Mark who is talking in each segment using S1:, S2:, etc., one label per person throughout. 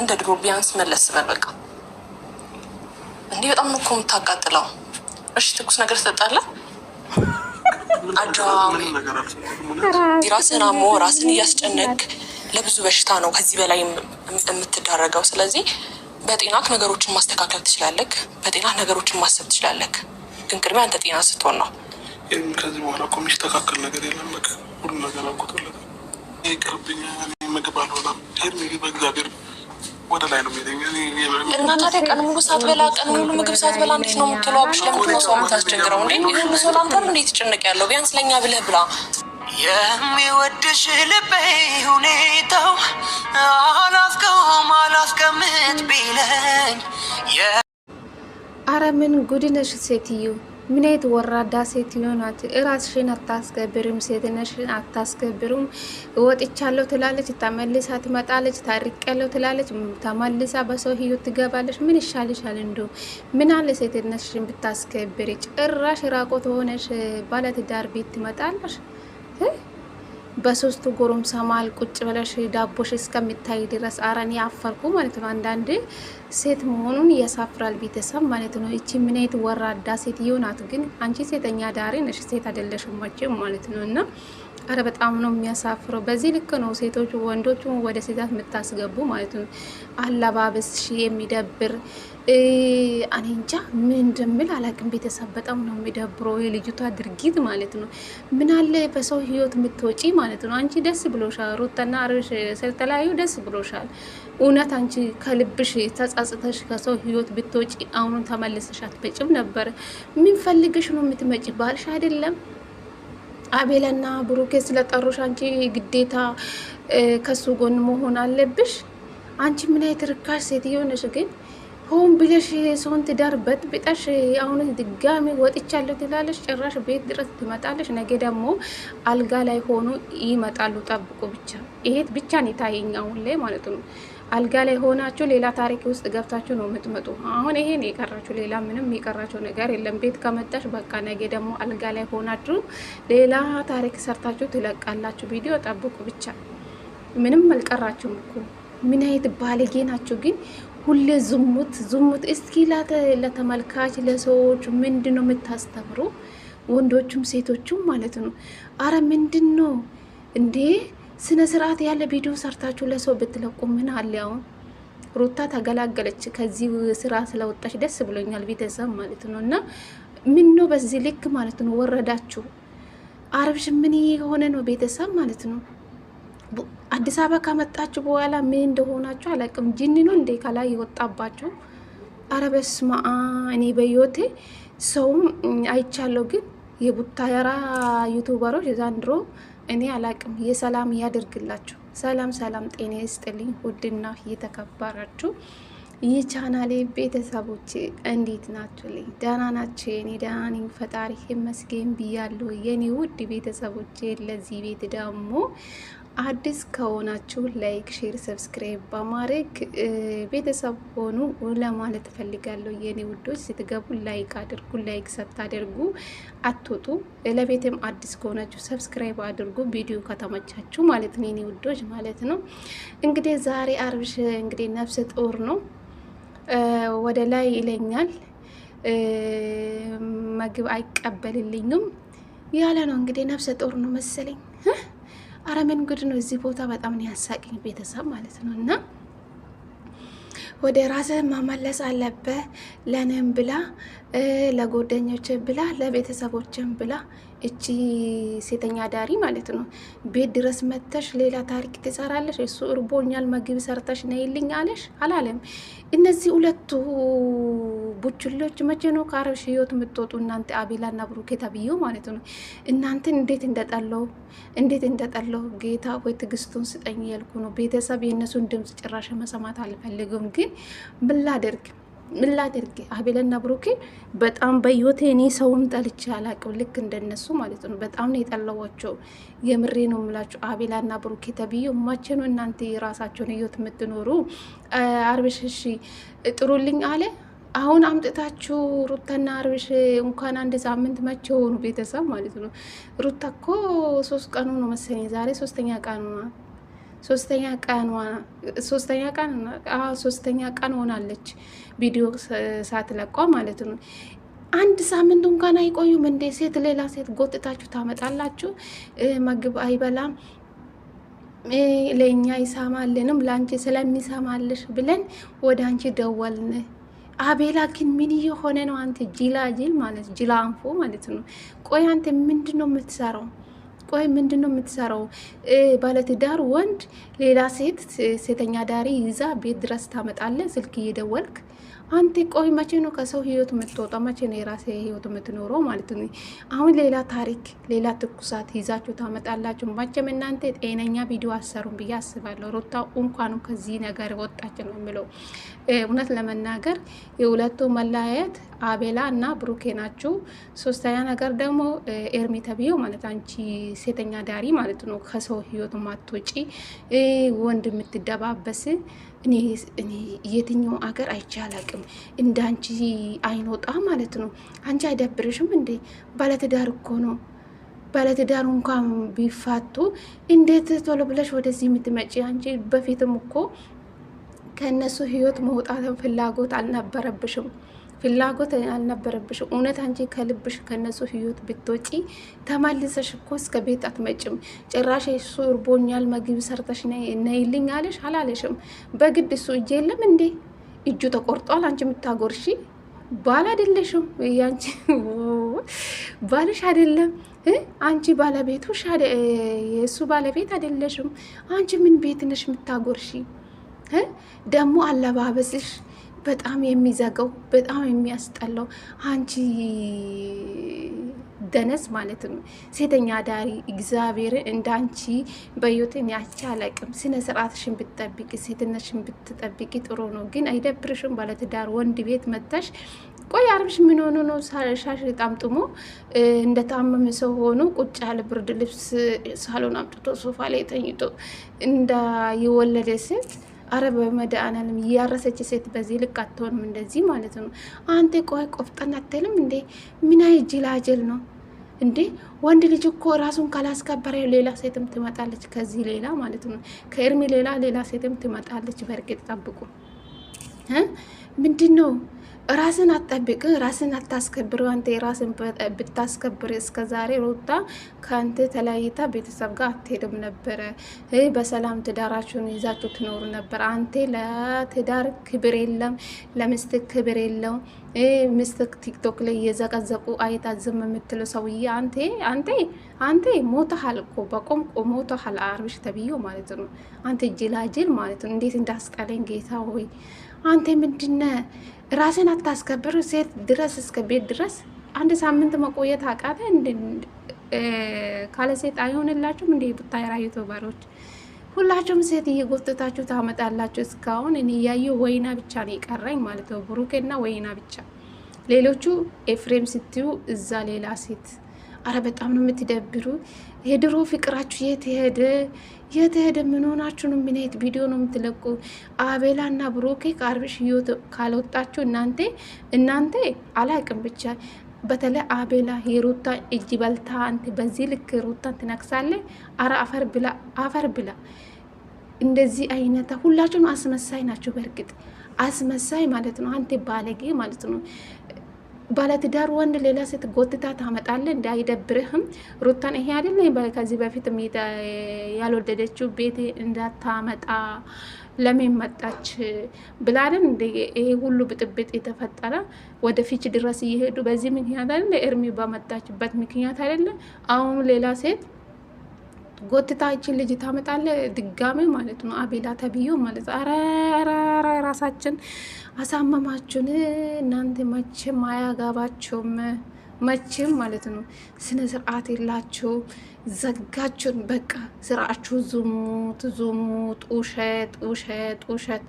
S1: እንደ ድሮ ቢያንስ መለስ በል በቃ። እንዲህ በጣም እኮ የምታቃጥለው። እሺ ትኩስ ነገር ትጠጣለህ። ራስን አሞ ራስን እያስጨነቅ ለብዙ በሽታ ነው ከዚህ በላይ የምትዳረገው። ስለዚህ በጤናህ ነገሮችን ማስተካከል ትችላለህ። በጤናህ ነገሮችን ማሰብ ትችላለህ። ግን ቅድሚያ አንተ ጤና ስትሆን ነው። ከዚህ በኋላ እኮ የሚስተካከል ነገር የለም። ሁሉ ነገር አውቆቶለታል። ይቅርብኛ ምግብ አልሆናም። ይህ ምግብ እግዚአብሔር ወደ ላይ ነው እና ታዲያ ቀን ሙሉ ሳትበላ ቀን ሙሉ ምግብ ሳትበላ እንዴት ነው የምትለው? አብሽ ለምንድን ነው ሰው የምታስቸግረው? እንዴ ይህን ሰው ላንተም እንዴት ጭንቅ ያለው ቢያንስ ለእኛ ብለህ ብላ። የሚወድሽ ልቤ ሁኔታው አላስቀውም አላስቀምጥ ቢለኝ። አረ ምን ጉድ ሴትዮ! ምን አይነት ወራዳ ሴት ሊሆናት? እራስሽን አታስከብርም፣ ሴትነሽን አታስከብርም። እወጥቻለሁ ትላለች፣ ተመልሳ ትመጣለች። ታርቄያለሁ ትላለች፣ ተመልሳ በሰው ህይወት ትገባለች። ምን ይሻልሻል? እንዶ ምን አለ ሴትነሽን ብታስከብሪ። ጭራሽ ራቆት ሆነሽ ባለትዳር ቤት ትመጣለሽ። በሶስቱ ጎረምሳ መሀል ቁጭ ብለሽ ዳቦሽ እስከሚታይ ድረስ ኧረ ያፈርኩ አፈርኩ ማለት ነው። አንዳንድ ሴት መሆኑን ያሳፍራል ቤተሰብ ማለት ነው። እቺ ምን አይነት ወራዳ ሴት ናት? ግን አንቺ ሴተኛ ዳሪ ነሽ፣ ሴት አይደለሽም ማለት ነው እና አረ በጣም ነው የሚያሳፍረው። በዚህ ልክ ነው ሴቶቹ ወንዶቹ ወደ ሴታት የምታስገቡ ማለት ነው። አለባበስሽ የሚደብር እኔ እንጃ ምን እንደምል አላቅም። ቤተሰብ በጣም ነው የሚደብረው የልጅቷ ድርጊት ማለት ነው። ምናለ በሰው ህይወት የምትወጪ ማለት ነው። አንቺ ደስ ብሎሻል፣ ሩታና አብርሽ ስለተለያዩ ደስ ብሎሻል። እውነት አንቺ ከልብሽ ተጻጽተሽ ከሰው ህይወት ብትወጪ አሁኑ ተመልሰሽ አትመጭም ነበር። ምን ፈልገሽ ነው የምትመጪ? ባልሽ አይደለም አቤላና ብሩኬ ስለጠሩሽ አንቺ ግዴታ ከሱ ጎን መሆን አለብሽ። አንቺ ምን አይነት ርካሽ ሴትዮ ነሽ ግን ሆን ብለሽ ሰውን ትዳር በጥብጠሽ አሁን ድጋሚ ወጥቻለሁ ትላለሽ። ጭራሽ ቤት ድረስ ትመጣለች። ነገ ደግሞ አልጋ ላይ ሆኖ ይመጣሉ። ጠብቁ ብቻ። ይሄት ብቻ ነው የታየኝ አሁን ላይ ማለት ነው። አልጋ ላይ ሆናችሁ ሌላ ታሪክ ውስጥ ገብታችሁ ነው የምትመጡ። አሁን ይሄን የቀራችሁ ሌላ ምንም የቀራችሁ ነገር የለም። ቤት ከመጣሽ በቃ ነገ ደግሞ አልጋ ላይ ሆናችሁ ሌላ ታሪክ ሰርታችሁ ትለቃላችሁ። ቪዲዮ ጠብቁ ብቻ። ምንም አልቀራችሁም እኮ ምን አይነት ባለጌ ናቸው ግን ሁሌ ዝሙት ዝሙት። እስኪ ለተመልካች ለሰዎች ምንድን ነው የምታስተምሩ? ወንዶቹም ሴቶቹም ማለት ነው። አረ ምንድን ነው እንዴ? ስነ ስርዓት ያለ ቪዲዮ ሰርታችሁ ለሰው ብትለቁ ምን አለ? አሁን ሩታ ተገላገለች። ከዚህ ስራ ስለወጣች ደስ ብሎኛል፣ ቤተሰብ ማለት ነው። እና ምን ነው በዚህ ልክ ማለት ነው ወረዳችሁ። አረብሽ ምን የሆነ ነው ቤተሰብ ማለት ነው። አዲስ አበባ ከመጣችሁ በኋላ ምን እንደሆናችሁ አላቅም። ጅኒ ነው እንዴ ከላይ የወጣባችሁ? ኧረ በስመ አብ እኔ በዮቴ ሰውም አይቻለሁ፣ ግን የቡታየራ ዩቱበሮች ዘንድሮ እኔ አላቅም። የሰላም እያደርግላችሁ። ሰላም ሰላም፣ ጤና ይስጥልኝ ውድና እየተከበራችሁ ቻናሌ ቤተሰቦች እንዴት ናችሁ? ልኝ ደህና ናቸው። የኔ ደህና ነኝ ፈጣሪ ይመስገን ብያለሁ። የኔ ውድ ቤተሰቦች ለዚህ ቤት ደግሞ አዲስ ከሆናችሁ ላይክ፣ ሼር፣ ሰብስክራይብ በማድረግ ቤተሰብ ሆኑ ለማለት ፈልጋለሁ። የኔ ውዶች ስትገቡ ላይክ አድርጉ። ላይክ ሳታደርጉ አትወጡ። ለቤትም አዲስ ከሆናችሁ ሰብስክራይብ አድርጉ። ቪዲዮ ከተመቻችሁ ማለት ነው የኔ ውዶች ማለት ነው። እንግዲህ ዛሬ አብርሽ እንግዲህ ነፍሰ ጡር ነው፣ ወደ ላይ ይለኛል፣ ምግብ አይቀበልልኝም ያለ ነው። እንግዲህ ነፍሰ ጡር ነው መሰለኝ አረ ምን ጉድ ነው! እዚህ ቦታ በጣም ነው ያሳቀኝ ቤተሰብ ማለት ነው። እና ወደ ራስህ መመለስ አለብህ ለእኔም ብላ ለጓደኞች ብላ ለቤተሰቦችን ብላ እቺ ሴተኛ ዳሪ ማለት ነው። ቤት ድረስ መተሽ ሌላ ታሪክ ትሰራለሽ። እሱ እርቦኛል ምግብ ሰርተሽ ነይልኝ አለሽ አላለም። እነዚህ ሁለቱ ቡችሎች መቼ ነው ከአረብሽ ህይወት የምትወጡ እናንተ? አቤላና ብሩኬ ተብዬው ማለት ነው። እናንተ እንዴት እንደጠለው እንዴት እንደጠለው ጌታ ወይ ትግስቱን ስጠኝ ያልኩ ነው። ቤተሰብ የእነሱን ድምፅ ጭራሽ መሰማት አልፈልግም። ግን ምን ላደርግ ምን ላድርግ? አቤልና ብሩኬ በጣም በህይወቴ እኔ ሰውም ጠልቼ አላቅም። ልክ እንደነሱ ማለት ነው። በጣም ነው የጠላዋቸው። የምሬ ነው የምላቸው። አቤላና ብሩኬ ተብዬ መቼ ነው እናንተ የራሳቸውን ህይወት የምትኖሩ? አርብሽ ጥሩልኝ አለ። አሁን አምጥታችሁ ሩታና አርብሽ እንኳን አንድ ሳምንት መቼ ሆኑ ቤተሰብ ማለት ነው። ሩታ እኮ ሶስት ቀኑ ነው መሰለኝ ዛሬ ሶስተኛ ቀኑ ነው ሶስተኛ ቀን ሆናለች ቪዲዮ ሳትለቋ ማለት ነው። አንድ ሳምንት እንኳን አይቆዩም እንዴ! ሴት ሌላ ሴት ጎትታችሁ ታመጣላችሁ። ምግብ አይበላም ለእኛ ይሰማልንም ለአንቺ ስለሚሰማልሽ ብለን ወደ አንቺ ደወልን። አቤላ ግን ምን የሆነ ነው? አንተ ጅላ ጅል ማለት ጅላ አንፎ ማለት ነው። ቆይ አንተ ምንድን ነው የምትሰራው? ቆይ ምንድን ነው የምትሰራው? ባለትዳር ወንድ ሌላ ሴት ሴተኛ ዳሪ ይዛ ቤት ድረስ ታመጣለ ስልክ እየደወልክ አንተ ቆይ መቼ ነው ከሰው ህይወት የምትወጣ? መቼ ነው የራሴ ህይወት የምትኖረው ማለት ነው? አሁን ሌላ ታሪክ፣ ሌላ ትኩሳት ይዛችሁ ታመጣላችሁ። መቼም እናንተ ጤነኛ ቪዲዮ አሰሩም ብዬ አስባለሁ። ሩታ እንኳኑ ከዚህ ነገር ወጣች ነው የምለው። እውነት ለመናገር የሁለቱ መለያየት አቤላ እና ብሩኬ ናችሁ። ሶስተኛ ነገር ደግሞ ኤርሚ ተብዬው ማለት አንቺ ሴተኛ ዳሪ ማለት ነው ከሰው ህይወት ማትወጪ ወንድ የምትደባበስ እኔ የትኛው አገር አይቼ አላቅም እንደ አንቺ አይኖጣ ማለት ነው። አንቺ አይደብርሽም እንዴ? ባለትዳር እኮ ነው። ባለትዳር እንኳን ቢፋቱ እንዴት ቶሎ ብለሽ ወደዚህ የምትመጪ? አንቺ በፊትም እኮ ከእነሱ ህይወት መውጣትን ፍላጎት አልነበረብሽም። ፍላጎት አልነበረብሽ። እውነት አንቺ ከልብሽ ከነሱ ህይወት ብትወጪ ተመልሰሽ እኮ እስከ ቤት አትመጭም። ጭራሽ እሱ እርቦኛል ምግብ ሰርተሽ ነይልኝ አለሽ አላለሽም። በግድ እሱ እጅ የለም እንዴ? እጁ ተቆርጧል። አንቺ የምታጎርሺ ባል አይደለሽም። ያንቺ ባልሽ አይደለም አንቺ ባለቤቱሽ፣ የእሱ ባለቤት አይደለሽም። አንቺ ምን ቤት ነሽ የምታጎርሺ? ደግሞ አለባበስሽ በጣም የሚዘገው በጣም የሚያስጠላው አንቺ ደነዝ ማለትም ሴተኛ ዳሪ እግዚአብሔር እንዳንቺ በህይወት ያቺ አላቅም። ስነ ስርዓትሽን ብትጠብቂ ሴትነትሽን ብትጠብቂ ጥሩ ነው። ግን አይደብርሽም? ባለትዳር ወንድ ቤት መጥተሽ ቆይ አርብሽ ምን ሆኖ ነው ሻሽ ጣምጥሞ እንደታመመ ሰው ሆኖ ቁጭ ያለ ብርድ ልብስ ሳሎን አምጥቶ ሶፋ ላይ ተኝቶ እንዳይወለደ ሴት አረ በመድኃኒዓለም ያረሰች ሴት በዚህ ልክ አትሆንም፣ እንደዚህ ማለት ነው። አንተ ቆይ ቆፍጠን አትልም እንዴ? ምን ጅላጅል ነው እንዴ? ወንድ ልጅ እኮ ራሱን ካላስከበረ ሌላ ሴትም ትመጣለች፣ ከዚህ ሌላ ማለት ነው። ከእርሜ ሌላ ሌላ ሴትም ትመጣለች። በእርግጥ ጠብቁ። ምንድን ነው ራስን አትጠብቅ፣ ራስን አታስከብር። አንተ ራስን ብታስከብር እስከ ዛሬ ሩታ ከአንተ ተለያይታ ቤተሰብ ጋር አትሄድም ነበረ። በሰላም ትዳራችሁን ይዛችሁ ትኖሩ ነበር። አንተ ለትዳር ክብር የለም፣ ለምስት ክብር የለውም። ሚስትክ ቲክቶክ ላይ እየዘቀዘቁ አይታ ዝም የምትለው ሰውዬ አንቴ አንቴ አንቴ ሞተሃል እኮ በቆም ሞተሃል፣ አርብሽ ተብዬው ማለት ነው። አንቴ ጅላጅል ማለት ነው። እንዴት እንዳስቀለኝ ጌታ ሆይ አንቴ ምንድነ ራስን አታስከብር። ሴት ድረስ እስከ ቤት ድረስ አንድ ሳምንት መቆየት አቃተ። ካለ ሴት አይሆንላችሁም እንዴ? ቡታየራዩ ተባሮች ሁላችሁም ሴት እየጎተታችሁ ታመጣላችሁ። እስካሁን እኔ እያየ ወይና ብቻ ነው የቀረኝ ማለት ነው፣ ብሩኬና ወይና ብቻ። ሌሎቹ ኤፍሬም ስትዩ እዛ ሌላ ሴት። አረ በጣም ነው የምትደብሩ። የድሮ ፍቅራችሁ የት ሄደ? የት ሄደ? ምን ሆናችሁ ነው? ምን አይነት ቪዲዮ ነው የምትለቁ? አቤላና ብሩኬ ከአብርሽ ህይወት ካልወጣችሁ እናንተ እናንተ አላቅም ብቻ በተለይ አቤላ የሩታ እጅ በልታ አንት በዚህ ልክ ሩታን ትነክሳለ። አረ አፈር ብላ አፈር ብላ። እንደዚህ አይነት ሁላችሁም አስመሳይ ናቸው። በእርግጥ አስመሳይ ማለት ነው። አንቴ ባለጌ ማለት ነው። ባለትዳር ወንድ ሌላ ሴት ጎትታ ታመጣለ። እንዳይደብርህም ሩታን ይሄ አይደለ ከዚህ በፊት ያልወደደችው ቤት እንዳታመጣ ለምን መጣች ብላለን እንደ ይሄ ሁሉ ብጥብጥ የተፈጠረ ወደ ፍች ድረስ እየሄዱ በዚህ ምክንያት አይደለ? ኤርሚ በመጣችበት ምክንያት አይደለ? አሁን ሌላ ሴት ጎትታችን ልጅ ታመጣለ ድጋሜ ማለት ነው። አቤላ ተብዮ ማለት ኧረ ራሳችን አሳመማችሁን እናንተ መቼም አያጋባችሁም መቼም ማለት ነው። ስነ ስርዓት የላችሁ ዘጋችሁን። በቃ ስራችሁ ዝሙት፣ ዝሙት፣ ውሸት፣ ውሸት፣ ውሸት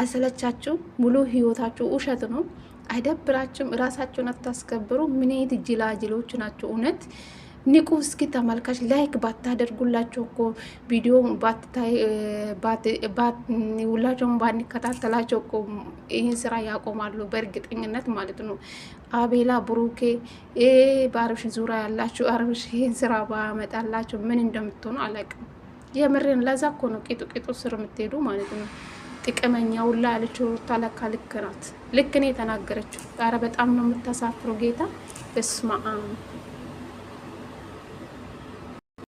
S1: አሰለቻችሁ። ሙሉ ህይወታችሁ ውሸት ነው። አይደብራችሁም? ራሳችሁን አታስከብሩ። ምን ጅላጅሎች ናቸው እውነት ንቁ። እስኪ ተመልካች ላይክ ባታደርጉላቸው እኮ ቪዲዮ ሁላቸውን ባንከታተላቸው እኮ ይህን ስራ ያቆማሉ በእርግጠኝነት ማለት ነው። አቤላ ብሩኬ፣ በአብርሽ ዙሪያ ያላችሁ አብርሽ ይህን ስራ ባመጣላችሁ ምን እንደምትሆኑ አላውቅም። የምሬን ለዛ እኮ ነው ቂጡ ቂጡ ስር የምትሄዱ ማለት ነው። ጥቅመኛ ውላ ያለችው ለካ ልክ ናት። ልክ ነው የተናገረችው። ኧረ በጣም ነው የምታሳፍሩ ጌታ በስመ አብ